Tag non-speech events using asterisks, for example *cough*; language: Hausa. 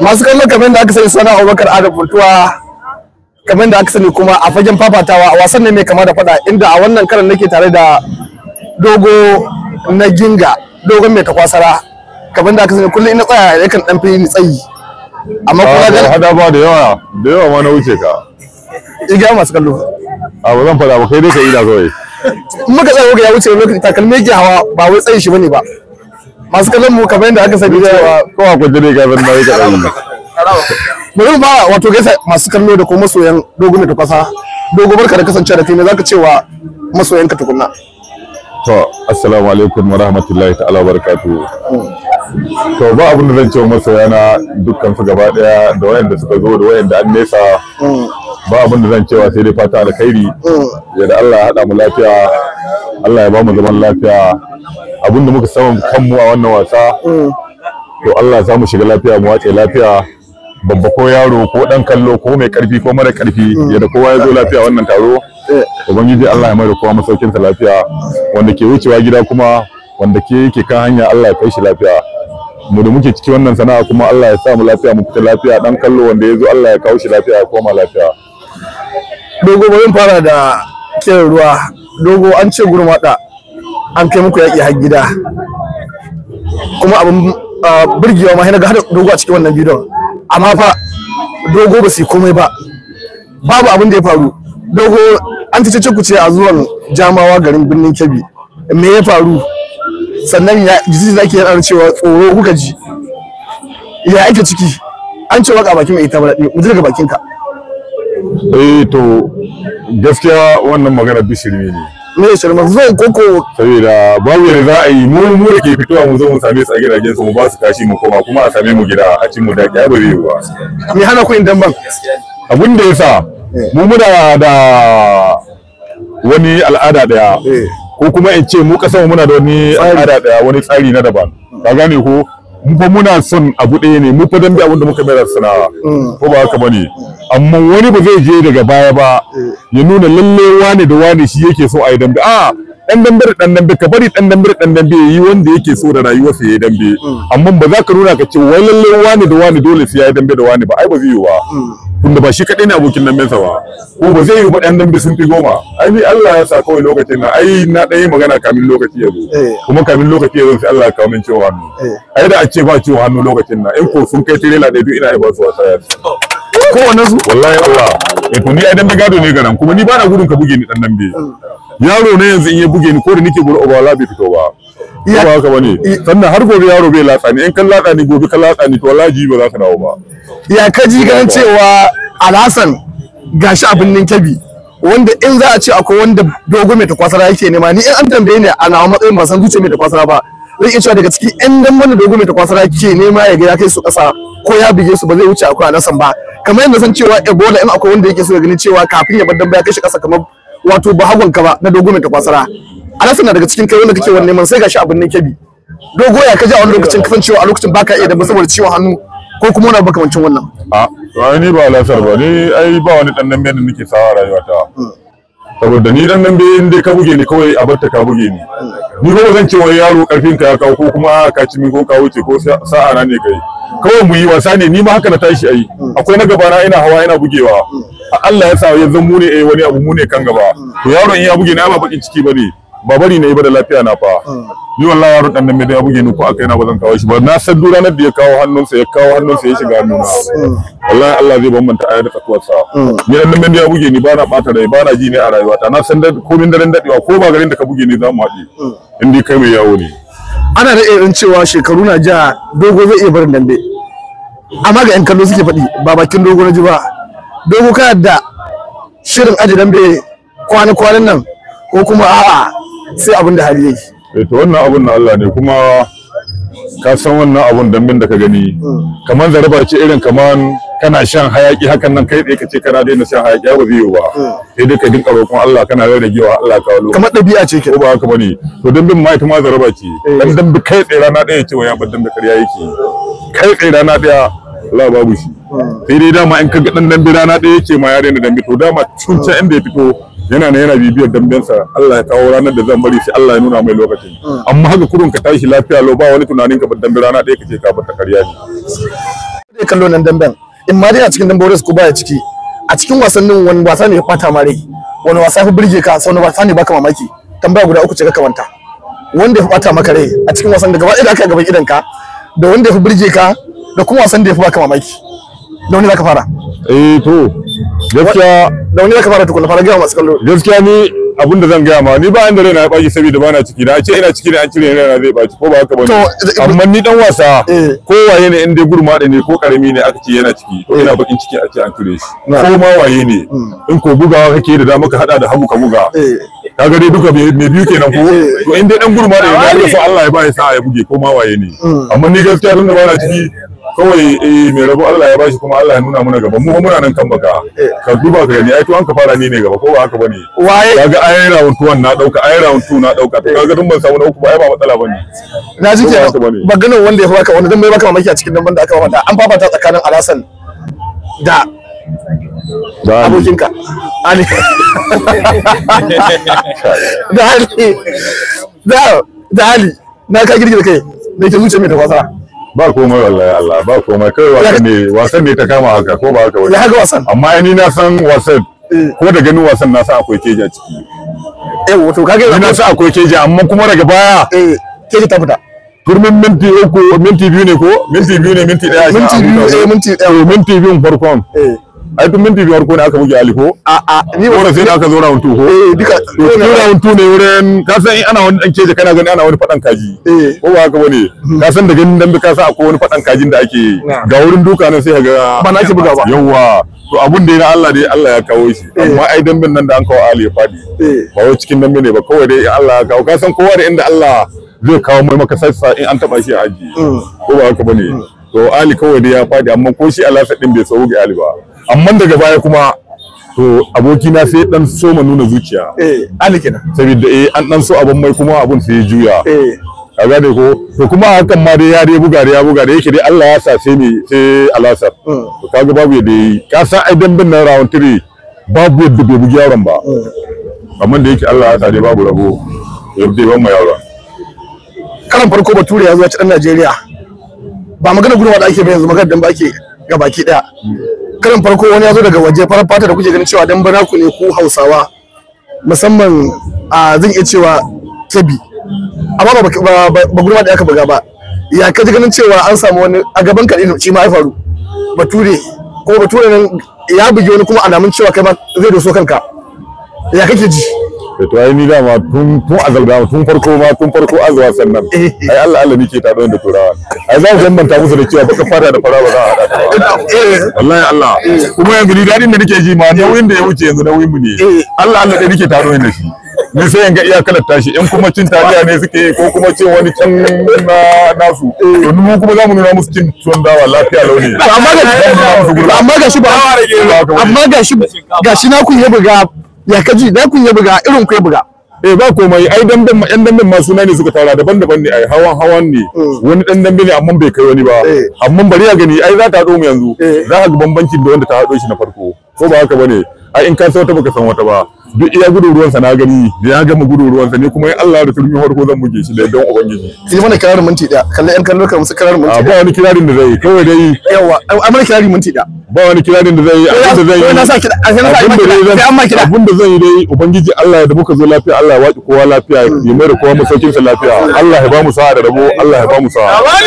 masu kallon kamar da aka sani sana abubakar adam bultuwa kamar da aka sani kuma a fagen fafatawa a wasan ne mai kama da fada inda a wannan karan nake tare da dogo na ginga dogon mai takwasara kamar da aka sani kullum ina tsaya yakan dan ni tsayi amma kuma ah, da hada ba da yawa da yawa ma na wuce ka iga masu kallo a ah, ba zan fada ba kai dai ka ina kawai muka tsaya ga ya wuce lokacin takalmi ke hawa ba wai tsayin shi bane ba masu kallon mu kamar yadda aka sani cewa ko a kudi ne gaban mai ka dan bari ba wato gaisa masu kallo da kuma masoyan dogon da kwasa dogo barka da kasance da kai me zaka cewa masoyan ka tukunna to assalamu alaikum wa rahmatullahi ta'ala wa barakatuh to ba abin da zan ce masoya na dukkan su gaba daya da wayanda suka zo da wayanda an nesa mm. ba abin da zan cewa sai dai fata alkhairi mm. ya da Allah ya hada mu lafiya Allah ya ba mu zaman lafiya abinda muka samu kanmu a wannan wasa to Allah za mu shiga lafiya mu wace lafiya babba ko yaro ko dan kallo ko mai karfi ko mara karfi yadda kowa ya zo lafiya wannan taro ubangiji Allah ya mai da kowa masaukinsa lafiya wanda ke wucewa gida kuma wanda ke yake kan hanya Allah ya kai shi lafiya mu da muke ciki wannan sana'a kuma Allah ya sa mu lafiya mu fita lafiya dan kallo wanda ya zo Allah ya kawo shi lafiya ya koma lafiya dogo bari fara da cin ruwa dogo an ce gurmada an kai muku yaƙi har gida kuma abin burgewa ma yana ga hada dogo a cikin wannan bidon amma fa dogo ba su komai ba babu abin da ya faru dogo an ta ce kuce a zuwan jamawa garin birnin kebbi me ya faru sannan ya jiji zaki yanar cewa tsoro kuka ji ya ake ciki an ce waka bakin mai ita ba mu ji daga bakinka eh to gaskiya wannan magana bishirmi ne me shirma zan koko saboda babu yadda za a yi mu mu da ke fitowa mu zo mu same su a gidajen su mu ba su kashi mu koma kuma a same mu gida a cin mu daki ba zai ba me hana ku in damban abin da yasa eh. mu muna da wani al'ada daya eh. ko kuma in ce mu kasan muna da wani al'ada daya wani tsari na daban ka gane ko mu fa muna son abu ɗaya ne mu fa dan bi abin da muka mai sana'a mm. ko ba haka bane amma wani ba zai je daga baya ba mm. ya nuna lalle wane da wane shi yake so a yi dambe a dan dambe da dan dambe ka bari dan dambe da dan dambe yi wanda yake so da sa ya yi dambe mm. amma ba za ka nuna ka ce wai lalle wane da wane dole sai ya dambe da wane ba ai ba zai yi ba tunda ba shi kaɗai ne abokin nan mensa ba ko ba zai yi ba ɗan dambe sun fi goma ai ni Allah ya sa kawai lokacin na ai na ɗan yi magana kamin lokaci ya zo eh. kuma kamin lokaci ya zo sai Allah ya kawo min ciwon hannu eh. ai da a ce ba ciwon hannu lokacin na in ko sun kai tirela da biyu ina ba su wasa ya oh. ko wannan su wallahi Allah e to ni ai dambe gado ne garan kuma ni ba na gudun ka buge ni ɗan dambe mm. yaro ne yanzu in ya buge ni ko da nake gudu la bai fito ba ba haka bane sannan har gobe yaro bai latsa ni in kan latsa ni gobe kan latsa ni to wallahi ba za ka dawo ba ya kaji ganin cewa alhassan gashi abin ninkebi wanda in za a ce akwai wanda dogo mai takwasara yake nema ni in an tambaye ni a nawa matsayin ba san zuce mai takwasara ba zai iya cewa daga ciki in dan wanda dogo mai takwasara yake nema ya ga ya kai su kasa ko ya bige su ba zai wuce akwai alhassan ba kamar yadda san cewa ebola in akwai wanda yake so ya gani cewa kafin ya bar dan ya kai shi kasa kamar wato ba hagon ka ba na dogo mai takwasara alhassan na daga cikin kai wanda kake wannan neman sai gashi abin ninkebi dogo ya kaji a wani lokacin kasancewa a lokacin baka iya da saboda ciwon hannu ko kuma wani kamancin wannan a to ni ba lafiyar ba ni ai ba wani dan nan da nake sawa rayuwata saboda ni dan nan in dai ka buge ni kawai a barta ka buge ni ni ko zan ce wai yaro karfin ka ya kawo ko kuma ka ci min ko ka wuce ko sa'a na ne kai kawai mu yi wasa ne ni ma haka na tashi ai akwai na gaba na ina hawa ina bugewa a Allah ya sa yanzu mu ne eh wani abu mu ne kan gaba to yaro in ya buge na ba bakin ciki bane ba bari na yi ba da lafiya na fa hmm. ni wallahi yaro dan nan me da abuge buge ni ko akai na ba zan kawo shi ba na san dura na da ya kawo hannunsa ya kawo hannunsa ya shiga hannuna hmm. wallahi Allah zai bambanta ayar da tsakuwar sa hmm. ni dan nan me da abuge buge ni ba na bata rai ba na ji ne a rayuwata na san komin daren dadewa ko ba garin da ka buge ni za mu haɗe in dai kai mai yawo ne ana da irin cewa shekaru na ja dogo zai iya barin dambe amma ga yan kallo suke faɗi ba bakin dogo na ji ba dogo ka da shirin aji dambe kwana-kwanan nan ko kuma a'a sai abin da hali yake eh to wannan abun na Allah ne kuma ka san wannan abun dambin da ka gani kamar zaraba ce irin kaman kana shan hayaki hakan nan kai tsaye ka ce kana daina shan hayaki ba zai ba sai dai ka dinka roƙon Allah kana rarragewa Allah ka walo kamar ɗabi'a ce ke ba haka bane to bin ma ita ma zaraba ce eh. dan dambi kai tsaye rana daya ce ya bar da kariya yake kai tsaye rana daya Allah babu shi hmm. sai dai dama in ka ga dan dambi rana daya yake ma ya daina bi to dama tun inda ya fito yana ne yana bibiyar dambensa Allah ya kawo ranar da zan bari sai Allah ya nuna mai lokacin amma haka kurun ka tashi lafiya lo ba wani tunanin ka ban dambe rana ɗaya kace ka bar karya ne dai kallo nan damben in ma dai a cikin dambe ko baya ciki a cikin wasannin wani wasa ne ya fata ma rai wani wasa fi burge ka sai wani wasa ne baka mamaki tambaya guda uku ce ka kamanta wanda ya fi maka rai a cikin wasan da gaba ɗaya da aka gaban idan ka da wanda ya fi burge ka da kuma wasan da ya fi baka mamaki da wani zaka fara eh to gaskiya da wani zaka fara tukuna fara gaya masu kallo gaskiya ni abin da zan gaya ma ni ba inda raina ya baci saboda ba na ciki na ce ina ciki ne an cire raina zai baci ko ba haka ba amma ni dan wasa eh. ko waye ne in dai gurma da ne ko karami ne aka ce yana ciki eh. ina bakin ciki a ce an cire shi ko ma waye ne hmm. in ko bugawa kake da dama ka hada da hagu ka buga eh. Ka gare duka mai biyu kenan ko to in dai dan gurma da ne Allah ya sa Allah ya ba ya sa ya buge ko ma waye ne hmm. amma ni gaskiya da ba na ciki kawai eh mai rabo Allah ya bashi kuma Allah ya nuna mana gaba mu muna nan kan baka eh. ka duba ka gani ai to an ka fara ni ne gaba ko ba haka bane waye kaga ai round tuwan na dauka ai round 2 na dauka to eh. kaga dun ban samu na uku ba ai ba matsala bane na ji kenan maganar wanda ya fi baka wanda dan bai baka mamaki a cikin nan banda aka mamata an fafata tsakanin Alhassan da da abokinka ali *laughs* da ali da ali na ka girgire kai da ke zuciya mai tafasa ba komai wallahi Allah ba komai kai wasan ne wasan ne ta kama haka ko ba haka wani ya haka wasan amma ni na san wasan eh. ko da ganin wasan na san akwai keji a ciki eh wato kage na san akwai keji amma kuma daga baya eh keji ta fita turmin minti uku minti biyu ne ko minti biyu ne minti daya minti biyu eh minti daya minti biyu farkon eh ai tun minti biyar ko ne aka muke aliko a a ni ba sai aka zo round 2 ko eh duka to round 2 ne wurin ka san in ana wani dan keje kana gani ana wani fadan kaji eh. ko ba haka bane ka san da ganin dan ka san akwai wani fadan kajin da ake ga wurin duka nan sai ga ba na ci buga ba yawa to abun da na Allah dai Allah ya kawo shi eh. amma ai dambin nan da an kawo Ali ya fadi eh. ba wai cikin dambe ne ba kawai dai Allah ya kawo ka san kowa da inda Allah zai kawo mai maka sassa in an taba shi a aji mm. ko ba haka bane mm. to Ali kawai dai ya fadi amma ko shi Allah sa din bai sauke Ali ba amma daga baya kuma to abokina sai dan so ma nuna zuciya eh ali kenan saboda eh an dan so abun mai kuma abun sai juya eh a ne ko to kuma hakan ma dai ya dai buga da ya buga da yake dai Allah ya sa sai ne sai alasar mm. to kaga babu yadda yi ka san ai dan bin nan round 3 babu yadda bai bugi yaron ba mm. amma da yake Allah ya sa dai babu rabo yadda ban mai yaron karan farko bature ya zo a dan Najeriya ba magana gudu da ake ba yanzu magana dan ba ake ga baki daya karin farko wani ya zo daga waje farar fata da kuke ganin cewa dan bana ku ne ku hausawa musamman a zan iya cewa kebi amma ba ba gurma da aka buga ba ya ka ji ganin cewa an samu wani a gaban ka ne shi ma ya faru bature ko bature nan ya bugi wani kuma alamun cewa kai ma zai doso kanka ya kake ji eh, to ai ni dama tun tun azalga tun farko ma tun farko azwa sannan eh. ai Allah Allah nike ta da turawa a za mu bambanta musu da cewa baka fara da fara ba za a haɗa eh wallahi Allah eh. kuma yanzu ni dadin da nake ji ma nauyin da ya wuce yanzu nauyin mu ne eh. Allah Allah da nake taro da shi ni sai in ga iyakalar tashi in kuma cin taliya ne suke ko kuma ce wani can na nasu eh. to mu kuma za mu nuna musu cin tuwon dawa lafiya lau ne amma ga amma ga shi ba amma ga shi ga shi na ku ya buga ya kaji na ku ya buga irin ku ya buga eh ba komai ai dan yan dan ma suna ne suka tara daban-daban ne ai hawan hawan ne hmm. wani dan dan ne amma bai kai wani ba eh. amma bari ya gani ai za ta haɗo mu yanzu eh. za ka ga bambancin da wanda ta haɗo shi na farko ko ba haka bane ai in ka san wata baka san wata ba duk iya gudu ruwansa na gani da ya gama gudu ruwansa ne kuma ya Allah da turmi farko zan buge shi da don ubangiji sai mana kirarin minti daya kallon yan kallon kan musu kirarin minti ba wani kirarin da zai kawai dai yawa amma mana kirarin minti daya ba wani kirarin da zai yi abin da zai yi abin da zai yi dai ubangiji Allah da muka zo lafiya Allah ya waki kowa lafiya ya mai da kowa masaukin sa lafiya Allah ya ba mu sa'a da rabo Allah ya ba mu sa'a